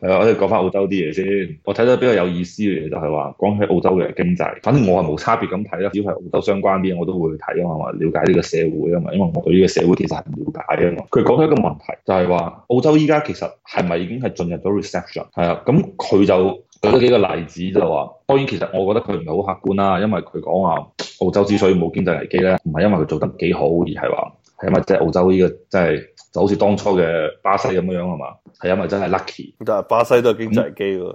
係啊，我哋講翻澳洲啲嘢先。我睇到比較有意思嘅嘢就係話，講起澳洲嘅經濟，反正我係冇差別咁睇啦。只要係澳洲相關啲嘢，我都會去睇啊嘛，了解呢個社會啊嘛。因為我對呢個社會其實係唔了解啊嘛。佢講咗一個問題，就係話澳洲依家其實係咪已經係進入咗 recession？係啊，咁佢就舉咗幾個例子就話，當然其實我覺得佢唔係好客觀啦，因為佢講話澳洲之所以冇經濟危機咧，唔係因為佢做得幾好，而係話係咪即係澳洲呢個即係就好似當初嘅巴西咁嘅樣係嘛？係因為真係 lucky，但係巴西都係經濟危機喎，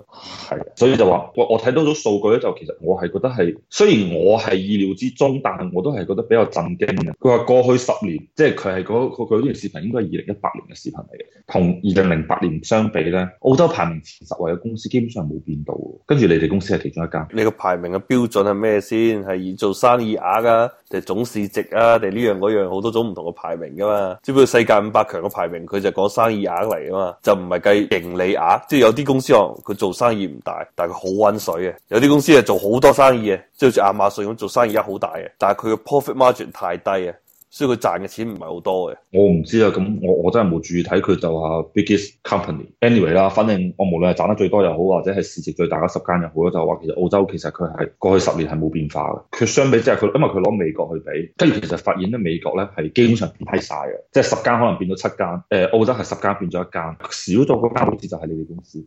係、嗯，所以就話我我睇到咗數據咧，就其實我係覺得係，雖然我係意料之中，但係我都係覺得比較震驚。佢話過去十年，即係佢係嗰嗰段視頻，應該係二零一八年嘅視頻嚟嘅，同二零零八年相比咧，澳洲排名前十位嘅公司基本上冇變到，跟住你哋公司係其中一間。你個排名嘅標準係咩先？係以做生意額啊，定係總市值啊，定呢樣嗰樣好多種唔同嘅排名噶嘛？只不過世界五百強嘅排名，佢就講生意額嚟噶嘛？就唔係計盈利額，即係有啲公司話佢做生意唔大，但係佢好揾水嘅。有啲公司係做好多生意嘅，即係亞馬遜咁做生意，而家好大嘅，但係佢嘅 profit margin 太低啊！所以佢賺嘅錢唔係好多嘅。我唔知啊，咁我我真係冇注意睇佢就話 biggest company anyway 啦。反正我無論係賺得最多又好，或者係市值最大嘅十間又好啦，就話其實澳洲其實佢係過去十年係冇變化嘅。佢相比即係佢，因為佢攞美國去比，跟住其實發現咧美國咧係基本上變晒嘅，即係十間可能變咗七間。誒，澳洲係十間變咗一間，少咗嗰間好似就係你哋公司。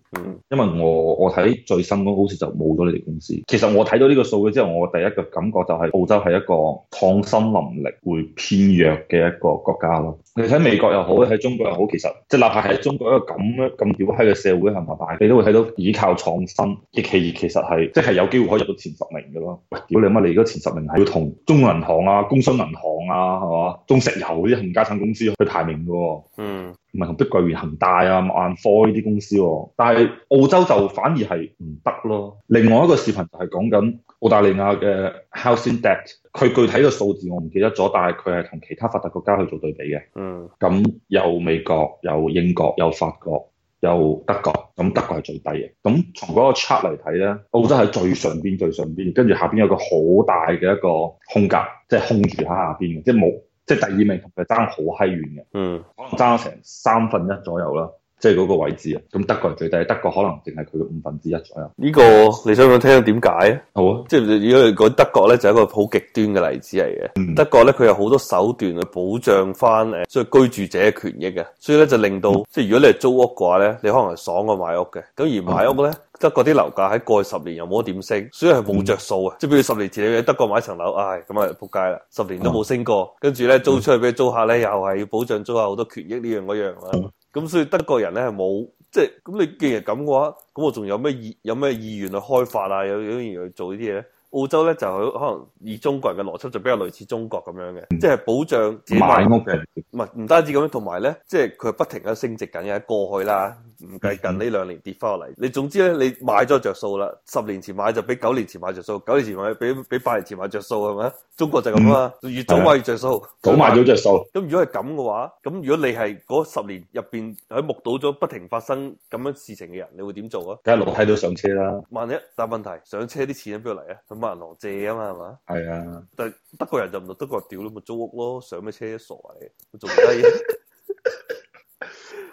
因為我我睇最新嗰好似就冇咗你哋公司。其實我睇到呢個數據之後，我第一個感覺就係澳洲係一個創新能力會偏軟弱嘅一個國家咯。你睇美國又好，睇中國又好，其實即係哪怕喺中國一個咁咁屌閪嘅社會係咪大，你都會睇到倚靠創新嘅企業其實係即係有機會可以入到前十名嘅咯。屌如果你乜嚟，你前十名係要同中國銀行啊、工商銀行啊係嘛、中石油嗰啲冚家產公司去排名嘅喎、哦嗯啊，嗯，唔係同碧桂園、恒大啊、萬科呢啲公司喎、哦。但係澳洲就反而係唔得咯。另外一個視頻就係講緊澳大利亞嘅 housing debt，佢具體嘅數字我唔記得咗，但係佢係同其他發達國家去做對比嘅。嗯嗯，咁有美國，有英國，有法國，有德國。咁、嗯、德國係最低嘅。咁從嗰個 chart 嚟睇咧，澳洲係最上邊，最上邊，跟住下邊有個好大嘅一個空格，即係空住喺下，下邊嘅，即係冇，即係第二名同佢爭好閪遠嘅。嗯，可能爭咗成三分一左右啦。即係嗰個位置啊，咁德國人最低，德國可能淨係佢嘅五分之一左右。呢、呢個你想唔想聽點解啊？好啊，即係如果嚟講德國咧，就係、一個好極端嘅例子嚟嘅。嗯、德國咧，佢有好多手段去保障翻誒，即係居住者嘅權益嘅。所以咧，就令到、嗯、即係如果你係租屋嘅話咧，你可能係爽過買屋嘅。咁而買屋咧，嗯、德國啲樓價喺過去十年又冇點升，所以係冇着數啊。嗯、即係比如十年前你喺德國買層樓，唉、哎，咁啊撲街啦，十年都冇升過。跟住咧，租出去俾租客咧，又係要保障租客好多權益呢樣樣啊。嗯嗯咁所以德國人咧係冇即係，咁你既然咁嘅話，咁我仲有咩意有咩意願去開發啊？有有意去做呢啲嘢咧？澳洲咧就可能以中國人嘅邏輯就比較類似中國咁樣嘅、嗯，即係保障自己買屋嘅，唔係唔單止咁樣，同埋咧，即係佢不停咁升值緊嘅過去啦。唔計 近呢兩年跌翻落嚟，你總之咧，你買咗着數啦。十年前買就比九年前買着數，九年前買比比八年前買着數係咪？中國就咁啊，越早買越着數，早買咗着數。咁如果係咁嘅話，咁如果你係嗰十年入邊喺目睹咗不停發生咁樣事情嘅人，你會點做啊？梗係落梯都上車啦。萬一，但問題上車啲錢喺邊度嚟啊？佢問人借啊嘛，係嘛？係啊。但德國人就唔得，德國屌都咪租屋咯上，上咩車傻嚟？做唔低，啊。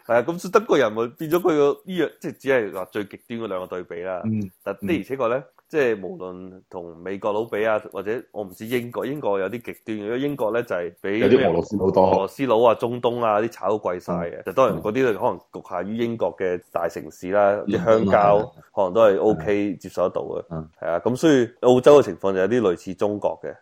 係啊，咁德國人咪變咗佢個醫藥，即係只係話最極端嗰兩個對比啦。但的而且確咧，即係無論同美國佬比啊，或者我唔知英國，英國有啲極端嘅，因為英國咧就係比俄羅斯佬多，俄羅斯佬啊、中東啊啲炒都貴晒嘅。就當然嗰啲可能局限於英國嘅大城市啦，啲鄉郊可能都係 O K 接受得到嘅。係啊，咁所以澳洲嘅情況就有啲類似中國嘅。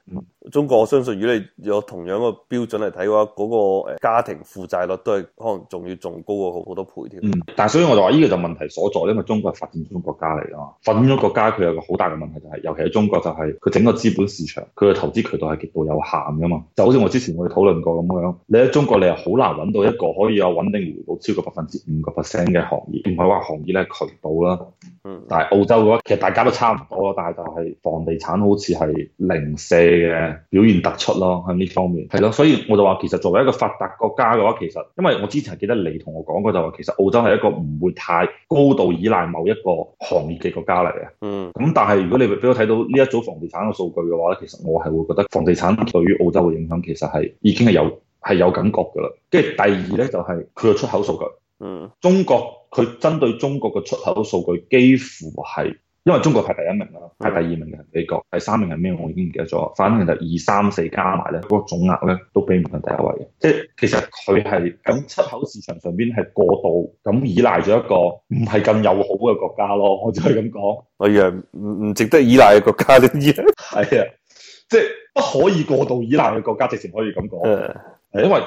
中國我相信，如果你有同樣個標準嚟睇嘅話，嗰個家庭負債率都係可能仲要仲高過好好多倍添。嗯，但係所以我就話，呢個就問題所在，因為中國係發展中國家嚟㗎嘛，發展中國家佢有個好大嘅問題就係，尤其喺中國就係佢整個資本市場，佢嘅投資渠道係極度有限㗎嘛。就好似我之前我哋討論過咁樣，你喺中國你係好難揾到一個可以有穩定回報超過百分之五個 percent 嘅行業，唔係話行業咧，渠道啦。嗯，但係澳洲嘅話，其實大家都差唔多咯，但係就係房地產好似係零舍嘅表現突出咯，喺呢方面係咯，所以我就話其實作為一個發達國家嘅話，其實因為我之前係記得你同我講過，就話其實澳洲係一個唔會太高度依賴某一個行業嘅國家嚟嘅。嗯，咁但係如果你俾我睇到呢一組房地產嘅數據嘅話咧，其實我係會覺得房地產對於澳洲嘅影響其實係已經係有係有感覺噶啦。跟住第二咧就係佢嘅出口數據。嗯，中國佢針對中國嘅出口數據幾乎係，因為中國係第一名啦，係、嗯、第二名嘅美國，第三名係咩？我已經唔記得咗。反正就二三四加埋咧，嗰、那個總額咧都比唔上第一位嘅。即係其實佢係咁，出口市場上邊係過度咁依賴咗一個唔係咁友好嘅國家咯。我只係咁講。係啊，唔唔值得依賴嘅國家的，係啊，即、就、係、是、不可以過度依賴嘅國家，直情可以咁講。係、嗯嗯、因為。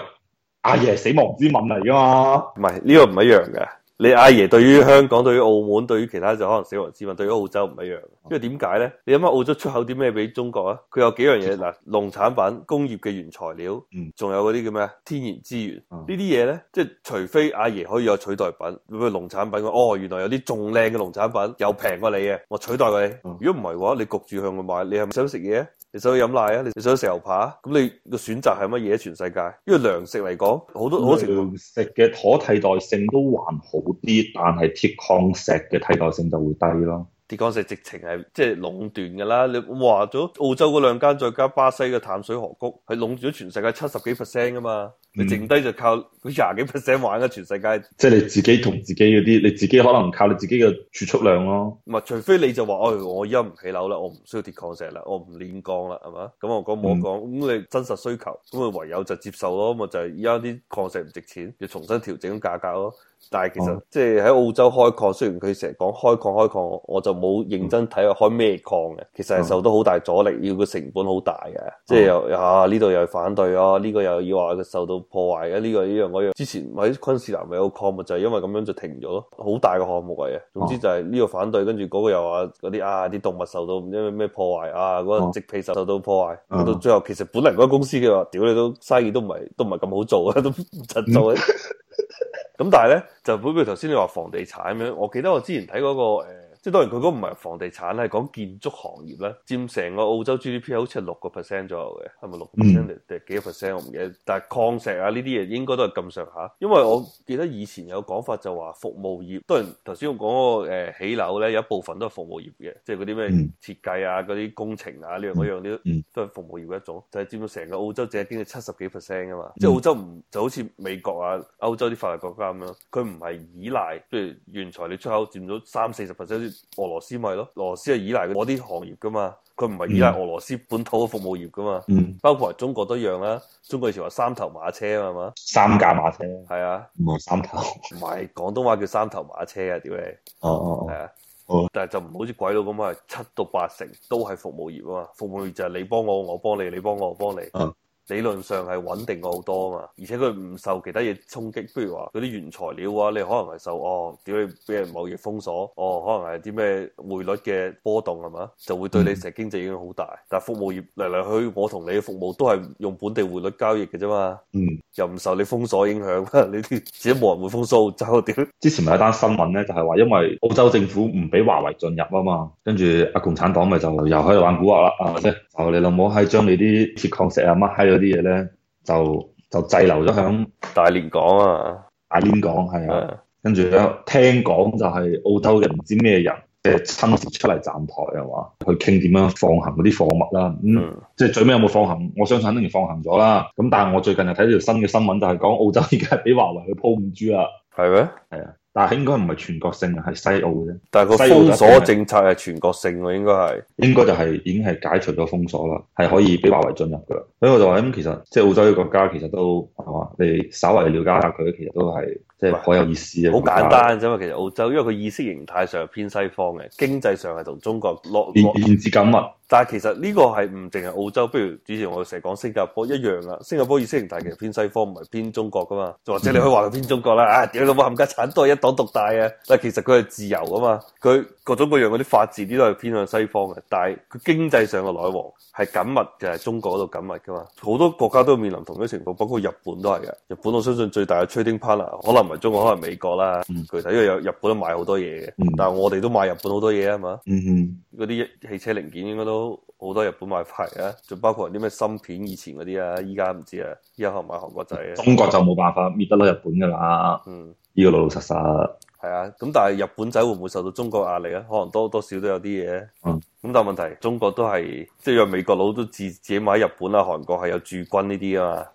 阿爺係死亡之吻嚟噶嘛？唔係呢個唔一樣嘅，你阿爺對於香港、對於澳門對於其他就可能死亡之吻，對於澳洲唔一樣。因為點解咧？你諗下澳洲出口啲咩俾中國啊？佢有幾樣嘢嗱，農產品、工業嘅原材料，嗯，仲有嗰啲叫咩啊？天然資源，嗯，呢啲嘢咧，即係除非阿爺可以有取代品，譬如農產品，哦，原來有啲仲靚嘅農產品，又平過你嘅，我取代過你。嗯，如果唔係嘅話，你焗住向佢買，你係咪想食嘢？你想去飲奶啊？你想食牛扒？咁你個選擇係乜嘢？全世界因為糧食嚟講，好多好食嘅，食嘅可替代性都還好啲，但係鐵礦石嘅替代性就會低咯。鐵礦石直情係即係壟斷噶啦，你話咗澳洲嗰兩間再加巴西嘅淡水河谷，係壟斷咗全世界七十幾 percent 噶嘛？嗯、你剩低就靠廿幾 percent 玩嘅全世界。即係你自己同自己嗰啲，你自己可能靠你自己嘅儲蓄量咯、啊。唔係、嗯，除非你就話：，哎，我而家唔起樓啦，我唔需要鐵礦石啦，我唔煉鋼啦，係嘛？咁我講冇講，咁、嗯、你真實需求，咁佢唯有就接受咯。咁咪就係而家啲礦石唔值錢，要重新調整價格咯。但係其實即係喺澳洲開礦，雖然佢成日講開礦開礦，我就冇認真睇佢開咩礦嘅。其實係受到好大阻力，要個成本好大嘅。即係又啊，呢度又係反對啊，呢個又要話佢受到破壞嘅。呢個呢樣嗰樣，之前喺昆士蘭咪有個礦咪就係因為咁樣就停咗咯。好大個項目嚟嘅。總之就係呢個反對，跟住嗰個又話嗰啲啊啲動物受到唔知咩咩破壞啊，嗰個植被受到破壞。啊、到最後其實本嚟嗰個公司嘅話：屌你都生意都唔係都唔係咁好做嘅，都唔振做、嗯 咁但係咧，就比如頭先你話房地產咁樣，我記得我之前睇嗰個。呃即係當然佢嗰個唔係房地產啦，係講建築行業啦，佔成個澳洲 GDP 好似係六個 percent 左右嘅，係咪六 percent 定幾多 percent、嗯、我唔記得。但係礦石啊呢啲嘢應該都係咁上下，因為我記得以前有講法就話服務業，當然，頭先我講個誒起樓咧，有一部分都係服務業嘅，即係嗰啲咩設計啊、嗰啲工程啊呢樣嗰樣，樣都都係服務業嘅一種，就係、是、佔到成個澳洲只係經過七十幾 percent 噶嘛。嗯、即係澳洲唔就好似美國啊、歐洲啲發達國家咁樣，佢唔係依賴譬如原材料出口佔咗三四十 percent。俄羅斯咪咯，俄羅斯係依賴嗰啲行業噶嘛，佢唔係依賴俄羅斯本土嘅服務業噶嘛，嗯、包括中國都一樣啦、啊。中國以前話三頭馬車啊嘛，三架馬車係啊，唔係三頭，唔係，廣東話叫三頭馬車啊，屌你，哦，係啊，好、哦，但係就唔好似鬼佬咁啊，七到八成都係服務業啊嘛，服務業就係你幫我，我幫你，你幫我，我幫你。嗯理論上係穩定好多啊嘛，而且佢唔受其他嘢衝擊，譬如話嗰啲原材料啊，你可能係受哦，屌你俾人貿易封鎖，哦，可能係啲咩匯率嘅波動係嘛，嗯，就會對你成經濟影響好大。但係服務業嚟嚟去，我同你嘅服務都係用本地匯率交易嘅啫嘛，嗯，又唔受你封鎖影響，你啲而且冇人會封鎖澳洲。之前咪有單新聞咧，就係話因為澳洲政府唔俾華為進入啊嘛，跟住啊共產黨咪就又喺度玩蠱惑啦，係咪先？就你老母係將你啲鐵礦石啊乜閪。啲嘢咧就就滯留咗喺大連港啊，大連港係啊，跟住咧聽講就係澳洲唔知咩人嘅親自出嚟站台啊嘛，去傾點樣放行嗰啲貨物啦，咁、嗯嗯、即係最尾有冇放行？我相信肯定放行咗啦。咁但係我最近就睇條新嘅新聞，就係講澳洲而家俾華為去鋪唔住啊，係咩的？係啊。但係應該唔係全國性嘅，係西澳嘅。但係個封鎖政策係全國性喎，應該係應該就係、是、已經係解除咗封鎖啦，係可以俾華為進入噶啦。所以我就話咁，其實即係澳洲呢個國家其，其實都係嘛，你稍為了解下佢，其實都係。好是有意思啊！好簡單啫嘛，其實澳洲，因為佢意識形態上係偏西方嘅，經濟上係同中國落。落變變節緊密。但係其實呢個係唔淨係澳洲，不如主持我哋成日講新加坡一樣啊！新加坡意識形態其實偏西方，唔係偏中國噶嘛。或者你可以話佢偏中國啦、嗯、啊！點都冚家鏟，都係一黨獨大啊！但係其實佢係自由㗎嘛，佢各種各樣嗰啲法治啲都係偏向西方嘅。但係佢經濟上嘅來往係緊密嘅，係中國嗰度緊密噶嘛。好多國家都面臨同樣情況，包括日本都係嘅。日本我相信最大嘅 Trading Partner 可能中國可能美國啦，嗯、其實因為有日本買好多嘢嘅，嗯、但係我哋都買日本好多嘢啊嘛。嗯嗯哼，嗰啲汽車零件應該都好多日本買牌啊，仲包括啲咩芯片以前嗰啲啊，依家唔知啊，依家可能買韓國仔、啊。中國就冇辦法搣得甩日本㗎啦。嗯，依個老老實實。係啊，咁但係日本仔會唔會受到中國壓力啊？可能多多少都有啲嘢、啊。咁、嗯、但係問題中國都係即係美國佬都自自己買日本啊、韓國係有駐軍呢啲啊嘛。咁、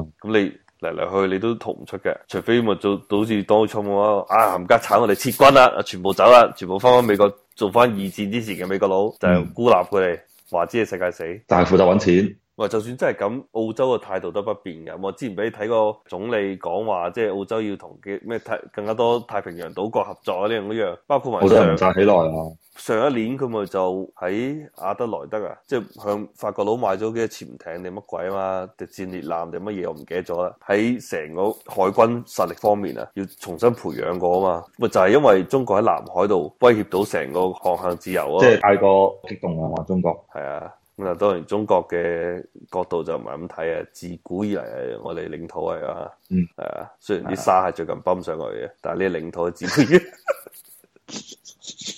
嗯、哼你。嚟嚟去，你都逃唔出嘅，除非咪做到好似當沖咁啊，冚家鏟我哋撤軍啦，全部走啦，全部翻翻美國做翻二戰之前嘅美國佬，嗯、就孤立佢哋，話知世界死，但係負責搵錢。喂，就算真係咁，澳洲嘅態度都不變嘅。我之前俾你睇過總理講話，即係澳洲要同嘅咩太更加多太平洋島國合作呢樣嗰樣，包括埋。好長曬起來啦！上一年佢咪就喺阿德萊德啊，即係向法國佬買咗幾隻潛艇定乜鬼啊嘛？戰列艦定乜嘢我唔記得咗啦。喺成個海軍實力方面啊，要重新培養過啊嘛。咪就係因為中國喺南海度威脅到成個航行自由啊！即係太過激動啦！話中國係啊。咁啊，當然中國嘅角度就唔係咁睇啊！自古以嚟，我哋領土係啊，係啊、嗯，雖然啲沙係最近泵上去嘅，但係呢啲領土係自己。